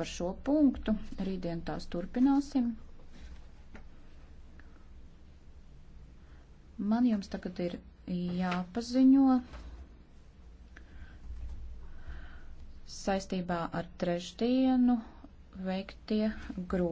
par šo punktu. Rītdien tās turpināsim. Man jums tagad ir jāpaziņo saistībā ar trešdienu veiktie grupi.